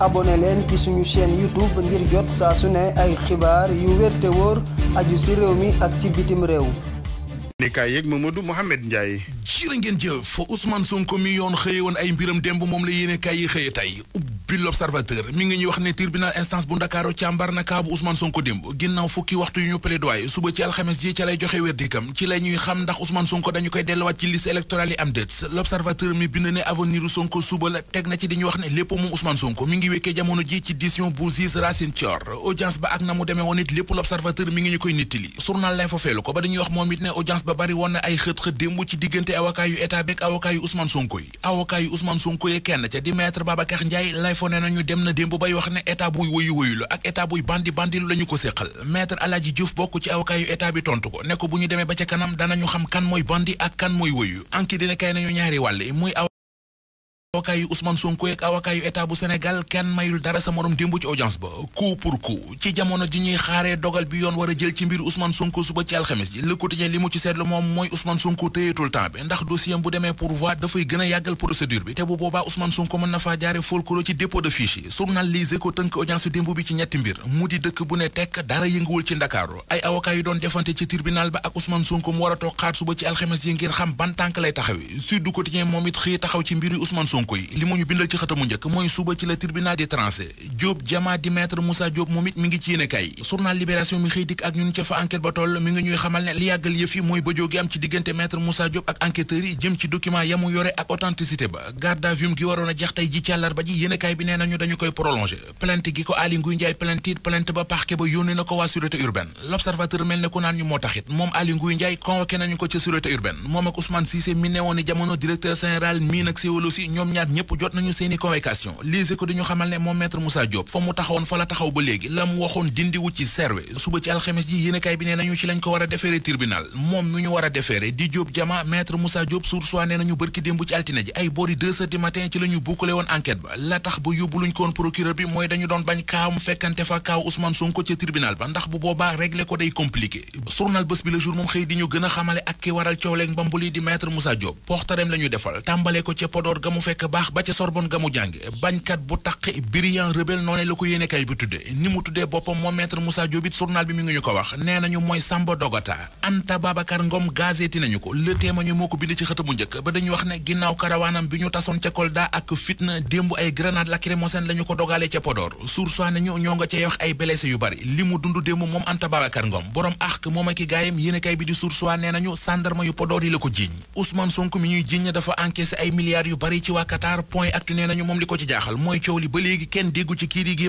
abonné leen ci suñu chaîne YouTube ngir jot saa su ne ay xibaar yu wér te wóor aju ci réew mi ak ci bitim réew. nekkaay yeeg Mamadou Mohamed Ndiaye. jiire ngeen jëf Ousmane Sonko mi yoon xëye woon ay mbiram demb moom la yéene kaay yi xëye tey. ubbi l'observateur mi ngi ñuy wax ne tribunal instance bu ndakaaro càmbar na kaabu Ousmane Sonko démb ginnaaw fukki waxtu yu ñu plaidoyer suba ci alxames ji ca lay joxe wérdikam ci la ñuy xam ndax Ousmane Sonko dañu koy delluwaat ci liste électorale yi am déet l'observateur mi bind ne avenir u Sonko suba la teg na ci di ñu wax ne lépp moom Ousmane Sonko mi ngi wékkee jamono ji ci décision bu juge Racine Thior audience ba ak na mu demee woon it lépp l'observateur mi ngi ñu koy nittali journal L'Info feelu ko ba dañuy wax moom it ne audience ba bari woon na ay xët-xët démb ci diggante avocat yu état bek avocat yu Ousmane Sonko yi avocat yu Ousmane Sonko yi kenn ca di maître Babacar Ndiaye info ne nañu dem na démb bay wax ne état buy wëyu wëyu la ak état buy bandi bandilu la ñu ko séqal maître Alaaji Diouf bokk ci avocat yu tontu ko ne ko bu ñu demee ba ca kanam danañu xam kan mooy bandi ak kan mooy wëyu anki dina kay nañu ñaari wàll avocat yu Ousmane Sonko ak avocat yu état bu Sénégal kenn mayul dara sa morom démb ci audience ba coup coup ci jamono ji ñuy xaaree dogal bi yoon war a jël ci mbir Ousmane Sonko suba ci alxames ji Le Quotidien li mu ci seetlu moom mooy Ousmane Sonko téyeetul temps ndax dossier bu demee pourvoi dafay gën a yàggal procédure bi te bu boobaa Ousmane Sonko mën na faa jaare folkloo ci dépôt de fiche yi journal Les tënk audience démb bi ci ñetti mbir mu di dëkk ban tànk lay taxawi Sud Quotidien moom Sonko yi bindal ci xëtamu njëkk mooy suba ci la tribunal des tranchées Diop Diama di maître Moussa Diop moom it mi ngi ci yéene kay journal libération mi xëy dik ak ñun ca fa enquête yi jëm ci document yamu yore ak authenticité ba garde à vue gi waroon a jeex ji ci ji yéene bi nee nañu dañu koy prolongé plainte gi ko Aly Ngouille Ndiaye plainte plainte ba parquet ba yónnee na ko waa sûreté urbaine l'observateur mel ne ku naan ñu moo taxit moom ñoom ñaar ñëpp jot nañu seeni convocation Les Échos dañu xamal ne moom maître Moussa Diop fa mu taxawoon fa la taxaw ba léegi la mu waxoon dindiwu ci serwe suba ci alxames ji yéenekaay bi nee nañu ci lañ ko war a defeere tribunal moom mi ñu war a defeere di Diop jama maître Moussa Diop sour soi nañu bërki démb ci altine ji ay boori deux heures matin ci la ñu woon enquête ba la tax ba yóbbu luñ ko woon procureur bi mooy dañu doon bañ kaawam fekkante fa kaaw ba ndax bu ko day compliqué journal bés bi a xamale ak ki waral coow fekk baax ba ca Sorbonne ga mu jàng bañkat bu taq brillant ko yéene kay bi tudde ni mu tuddee boppam moom maître Moussa Diop it journal ko wax nee nañu mooy dañu wax ne ginnaaw karawaanam bi ñu tasoon ca Kolda ak fitna démb ay grenade lacrymogène la ñu ko dogalee ca Podor sursoit nañu ñoo nga cay wax ay blessé yu bari li mu dund démb moom Anta Babacar Ngom borom ax moom ak i gaayam yéene kay bi di sursoit nee nañu sandarma yu Podor yi la ko jiiñ Ousmane Sonko mi ñuy jiiñ dafa encaissé ay milliards yu bari ci waa Qatar moom ko ci jaaxal mooy coow li ba léegi kenn déggu ci kii di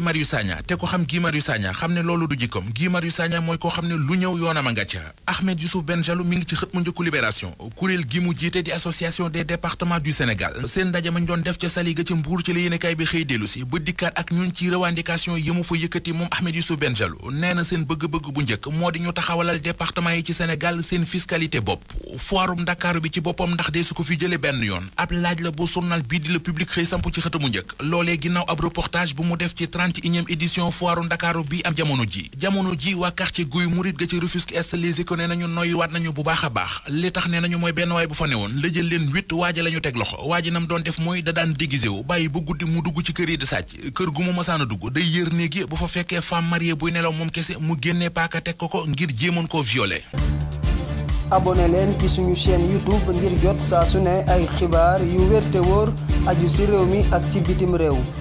lu ñëw yoonam a nga ca Ahmed mu njëkku Libération kuréel gi mu jiite di association des départements du Sénégal seen ndaje mañ doon def ca sali ga ca Mbuur ci la yéenekaay bi xëy dellu si ba dikkaat ak ñun ci revendication yi mu fa yëkkati moom Ahmed Youssouf Benjalou nee na seen bëgg-bëgg bu njëkk moo di ñu taxawalal département yi ci Sénégal seen fiscalité bopp forum Dakar bi ci boppam ndax dee su ko fi jële benn yoon ab laaj la bu journal bii di la public xëy samp ci xëtamu njëkk loolee ginnaaw ab reportage bu mu def ci 31e édition foiru ndakaaru bi am jamono ji jamono ji waa quartier guy murit ga ci Rufisque Est les ko ne nañu noyyiwaat nañu bu baax a baax li tax ne nañu mooy benn waay bu fa newoon la jël leen huit waaja la ñu teg loxo waaji nam doon def mooy da daan déguisé wu bàyyi ba guddi mu dugg ci kër yi di sàcc kër gu mu masaan a dugg day yër néeg yi bu fa fekkee femme mariée buy nelaw moom kese mu génnee paaka teg ko ko ngir jéemoon koo violé abonné leen ki suñu chaîne YouTube ngir jot saa su ne ay xibaar yu wér te wóor aju ci réew mi ak ci bitim réew